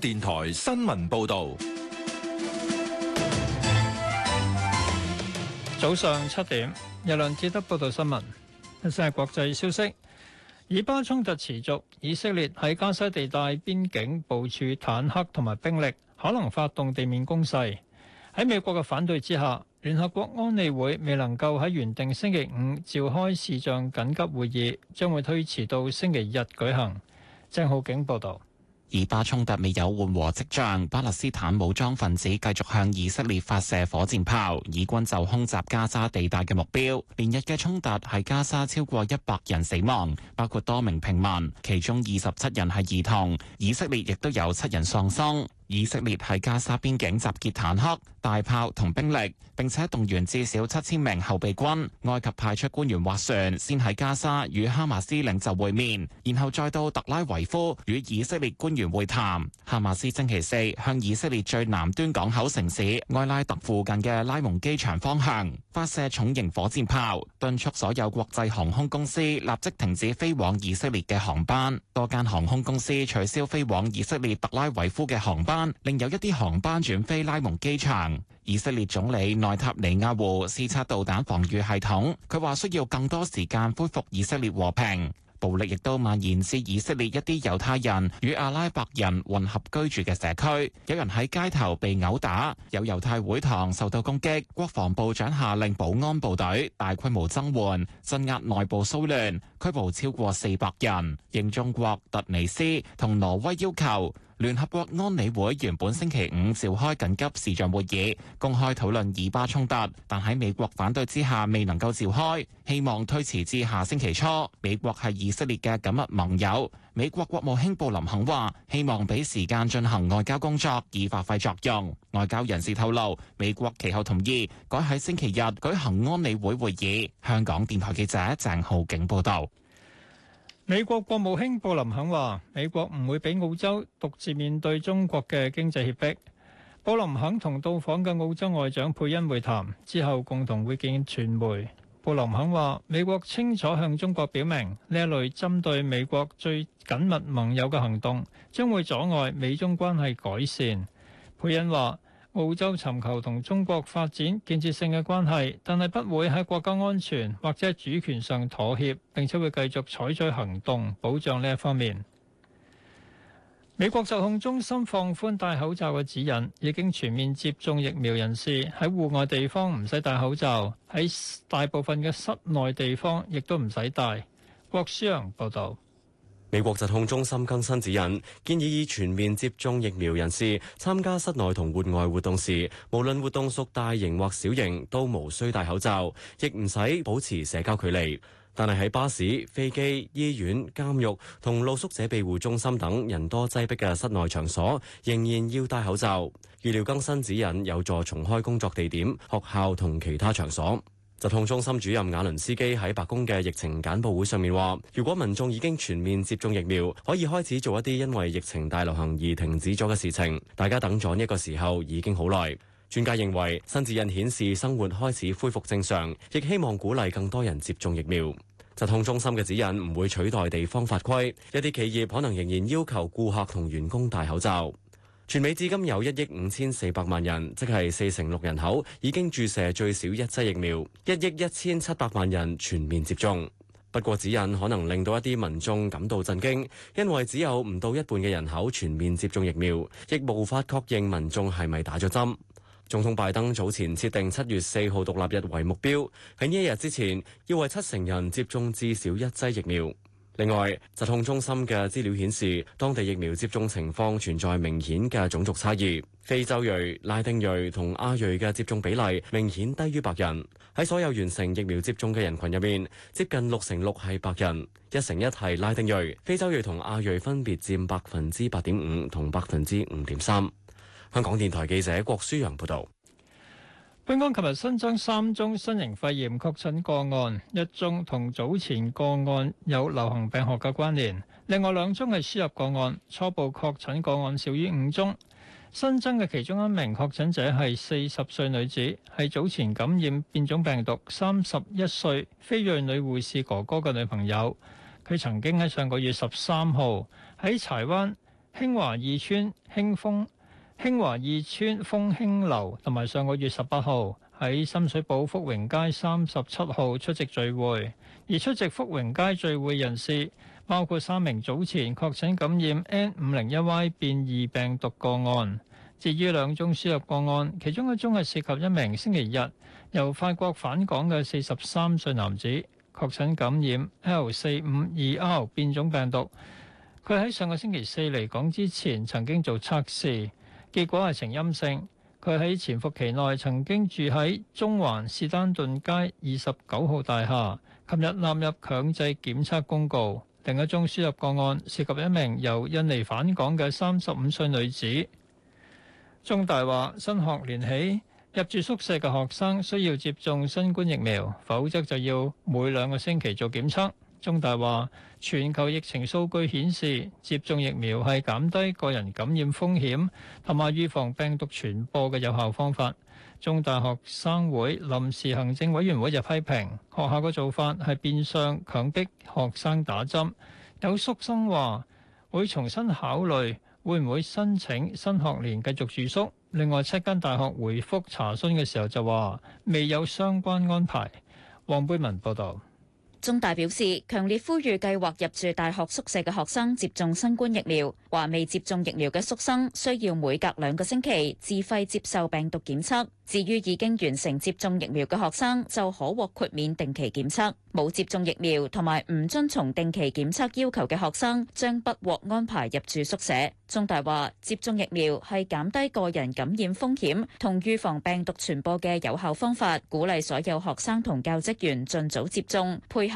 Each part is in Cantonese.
電台新聞報道，早上七點，日亮智得報道新聞。先係國際消息，以巴衝突持續，以色列喺加沙地帶邊境部署坦克同埋兵力，可能發動地面攻勢。喺美國嘅反對之下，聯合國安理會未能夠喺原定星期五召開視像緊急會議，將會推遲到星期日舉行。鄭浩景報道。以巴衝突未有緩和跡象，巴勒斯坦武裝分子繼續向以色列發射火箭炮，以軍就空襲加沙地帶嘅目標。連日嘅衝突喺加沙超過一百人死亡，包括多名平民，其中二十七人係兒童。以色列亦都有七人喪生。以色列喺加沙邊境集結坦克、大炮同兵力，並且動員至少七千名後備軍。埃及派出官員划船，先喺加沙與哈馬斯領袖會面，然後再到特拉維夫與以色列官員會談。哈馬斯星期四向以色列最南端港口城市埃拉特附近嘅拉蒙機場方向發射重型火箭炮，敦促所有國際航空公司立即停止飛往以色列嘅航班。多間航空公司取消飛往以色列特拉維夫嘅航班。另有一啲航班轉飛拉蒙機場。以色列總理內塔尼亞胡視察導彈防禦系統，佢話需要更多時間恢復以色列和平。暴力亦都蔓延至以色列一啲猶太人與阿拉伯人混合居住嘅社區，有人喺街頭被毆打，有猶太會堂受到攻擊。國防部長下令保安部隊大規模增援，鎮壓內部騷亂，拘捕超過四百人。應中國、突尼斯同挪威要求，聯合國安理會原本星期五召開緊急視像會議，公開討論以巴衝突，但喺美國反對之下，未能夠召開，希望推遲至下星期初。美國係以色列嘅緊密盟友，美國國務卿布林肯話：希望俾時間進行外交工作，以發揮作用。外交人士透露，美國其後同意改喺星期日舉行安理會會議。香港電台記者鄭浩景報導。美國國務卿布林肯話：美國唔會俾澳洲獨自面對中國嘅經濟脅迫。布林肯同到訪嘅澳洲外長佩恩會談之後，共同會見傳媒。布林肯話：美國清楚向中國表明呢一類針對美國最緊密盟友嘅行動，將會阻礙美中關係改善。佩恩話。澳洲尋求同中國發展建設性嘅關係，但係不會喺國家安全或者主權上妥協，並且會繼續採取行動保障呢一方面。美國疾控中心放寬戴口罩嘅指引，已經全面接種疫苗人士喺戶外地方唔使戴口罩，喺大部分嘅室內地方亦都唔使戴。郭書陽報道。美國疾控中心更新指引，建議已全面接種疫苗人士參加室內同戶外活動時，無論活動屬大型或小型，都無需戴口罩，亦唔使保持社交距離。但係喺巴士、飛機、醫院、監獄同露宿者庇護中心等人多擠迫嘅室內場所，仍然要戴口罩。預料更新指引有助重開工作地點、學校同其他場所。疾控中心主任瓦倫斯基喺白宮嘅疫情簡報會上面話，如果民眾已經全面接種疫苗，可以開始做一啲因為疫情大流行而停止咗嘅事情。大家等咗呢個時候已經好耐。專家認為新指引顯示生活開始恢復正常，亦希望鼓勵更多人接種疫苗。疾控中心嘅指引唔會取代地方法規，一啲企業可能仍然要求顧客同員工戴口罩。全美至今有一億五千四百萬人，即係四成六人口，已經注射最少一劑疫苗，一億一千七百萬人全面接種。不過指引可能令到一啲民眾感到震驚，因為只有唔到一半嘅人口全面接種疫苗，亦無法確認民眾係咪打咗針。總統拜登早前設定七月四號獨立日為目標，喺呢一日之前要為七成人接種至少一劑疫苗。另外，疾控中心嘅資料顯示，當地疫苗接種情況存在明顯嘅種族差異，非洲裔、拉丁裔同亞裔嘅接種比例明顯低於白人。喺所有完成疫苗接種嘅人群入面，接近六成六係白人，一成一係拉丁裔，非洲裔同亞裔分別佔百分之八點五同百分之五點三。香港電台記者郭舒陽報道。本港琴日新增三宗新型肺炎確診個案，一宗同早前個案有流行病學嘅關聯，另外兩宗係輸入個案，初步確診個案少於五宗。新增嘅其中一名確診者係四十歲女子，係早前感染變種病毒三十一歲非裔女護士哥哥嘅女朋友。佢曾經喺上個月十三號喺柴灣興華二村興豐。興華二村豐興樓，同埋上個月十八號喺深水埗福榮街三十七號出席聚會。而出席福榮街聚會人士包括三名早前確診感染 N 五零一 Y 變異病毒個案。至於兩宗輸入個案，其中一宗係涉及一名星期日由法國返港嘅四十三歲男子，確診感染 L 四五二 R 變種病毒。佢喺上個星期四嚟港之前曾經做測試。結果係呈陰性。佢喺潛伏期內曾經住喺中環士丹頓街二十九號大廈，琴日納入強制檢測公告。另一宗輸入個案涉及一名由印尼返港嘅三十五歲女子。中大話，新學年起入住宿舍嘅學生需要接種新冠疫苗，否則就要每兩個星期做檢測。中大話：全球疫情數據顯示，接種疫苗係減低個人感染風險同埋預防病毒傳播嘅有效方法。中大學生會臨時行政委員會就批評學校嘅做法係變相強迫學生打針。有宿生話會重新考慮會唔會申請新學年繼續住宿。另外七間大學回覆查詢嘅時候就話未有相關安排。黃貝文報道。中大表示，強烈呼籲計劃入住大學宿舍嘅學生接種新冠疫苗。話未接種疫苗嘅宿生需要每隔兩個星期自費接受病毒檢測。至於已經完成接種疫苗嘅學生，就可獲豁免定期檢測。冇接種疫苗同埋唔遵從定期檢測要求嘅學生，將不獲安排入住宿舍。中大話，接種疫苗係減低個人感染風險同預防病毒傳播嘅有效方法。鼓勵所有學生同教職員盡早接種，配合。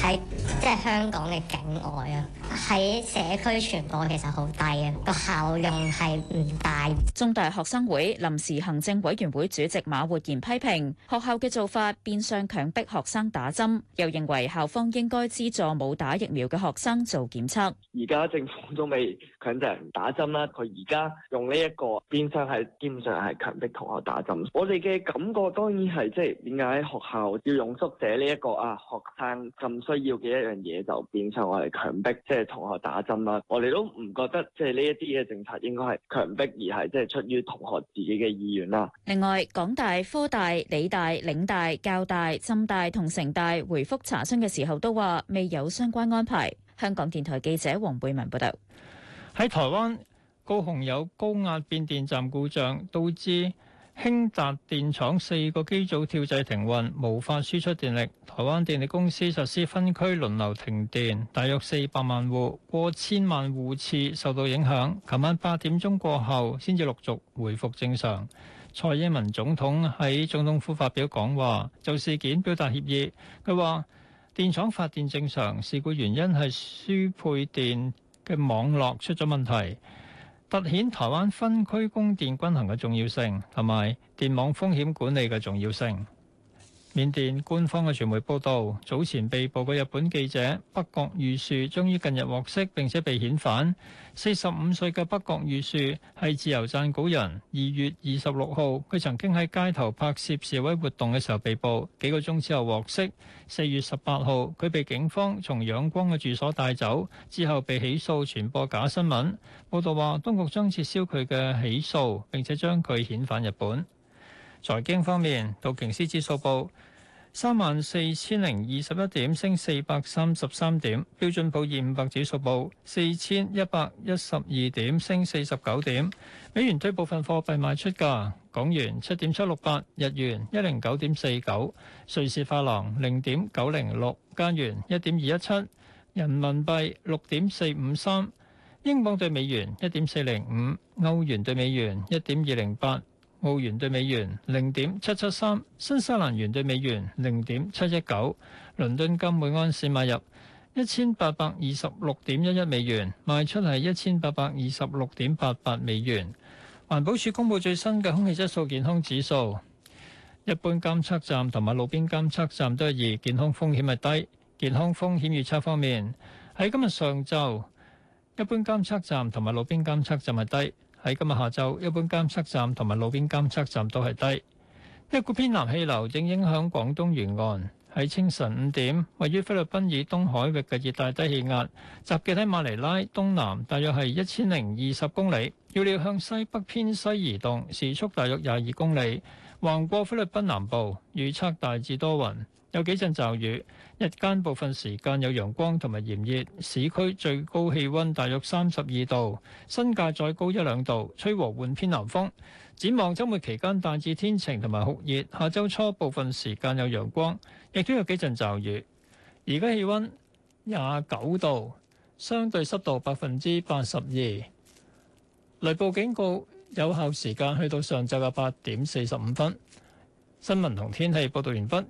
喺即係香港嘅境外啊，喺社區傳播其實好低啊，個效用係唔大。中大學生會臨時行政委員會主席馬活賢批評學校嘅做法變相強迫學生打針，又認為校方應該資助冇打疫苗嘅學生做檢測。而家政府都未強制人打針啦，佢而家用呢一個變相係基本上係強迫同學打針。我哋嘅感覺當然係即係點解學校要用宿舍呢一個啊學生咁？需要嘅一樣嘢就變成我哋強迫即係同學打針啦。我哋都唔覺得即係呢一啲嘅政策應該係強迫，而係即係出於同學自己嘅意願啦。另外，港大、科大、理大、嶺大、教大、浸大同城大回覆查詢嘅時候都話未有相關安排。香港電台記者黃貝文報道。喺台灣，高雄有高壓變電站故障，導致，興達電廠四個機組跳掣停運，無法輸出電力。台灣電力公司實施分區輪流停電，大約四百萬戶、過千萬戶次受到影響。琴晚八點鐘過後，先至陸續回復正常。蔡英文總統喺總統府發表講話，就事件表達歉意。佢話電廠發電正常，事故原因係輸配電嘅網絡出咗問題。凸顯台灣分區供電均衡嘅重要性，同埋電網風險管理嘅重要性。緬甸官方嘅傳媒報導，早前被捕嘅日本記者北角裕樹終於近日獲釋並且被遣返。四十五歲嘅北角裕樹係自由撰稿人。二月二十六號，佢曾經喺街頭拍攝示威活動嘅時候被捕，幾個鐘之後獲釋。四月十八號，佢被警方從仰光嘅住所帶走，之後被起訴傳播假新聞。報道話，當局將撤銷佢嘅起訴並且將佢遣返日本。財經方面，道瓊斯指數報。三萬四千零二十一點，升四百三十三點。標準普爾五百指數報四千一百一十二點，升四十九點。美元對部分貨幣賣出價：港元七點七六八，日元一零九點四九，瑞士法郎零點九零六，加元一點二一七，人民幣六點四五三，英鎊對美元一點四零五，歐元對美元一點二零八。澳元兌美元零點七七三，新西蘭元兌美元零點七一九，倫敦金每安士買入一千八百二十六點一一美元，賣出係一千八百二十六點八八美元。環保署公佈最新嘅空氣質素健康指數，一般監測站同埋路邊監測站都係二，健康風險係低。健康風險預測方面，喺今日上晝，一般監測站同埋路邊監測站係低。喺今日下晝，一般監測站同埋路邊監測站都係低。一股偏南氣流正影響廣東沿岸。喺清晨五點，位於菲律賓以東海域嘅熱帶低氣壓集結喺馬尼拉東南，大約係一千零二十公里，預料向西北偏西移動時速大約廿二公里，橫過菲律賓南部，預測大致多雲，有幾陣驟雨，日間部分時間有陽光同埋炎熱，市區最高氣温大約三十二度，新界再高一兩度，吹和緩偏南風。展望週末期間大致天晴同埋酷熱，下周初部分時間有陽光，亦都有幾陣驟雨。而家氣温廿九度，相對濕度百分之八十二，雷暴警告有效時間去到上晝嘅八點四十五分。新聞同天氣報道完畢。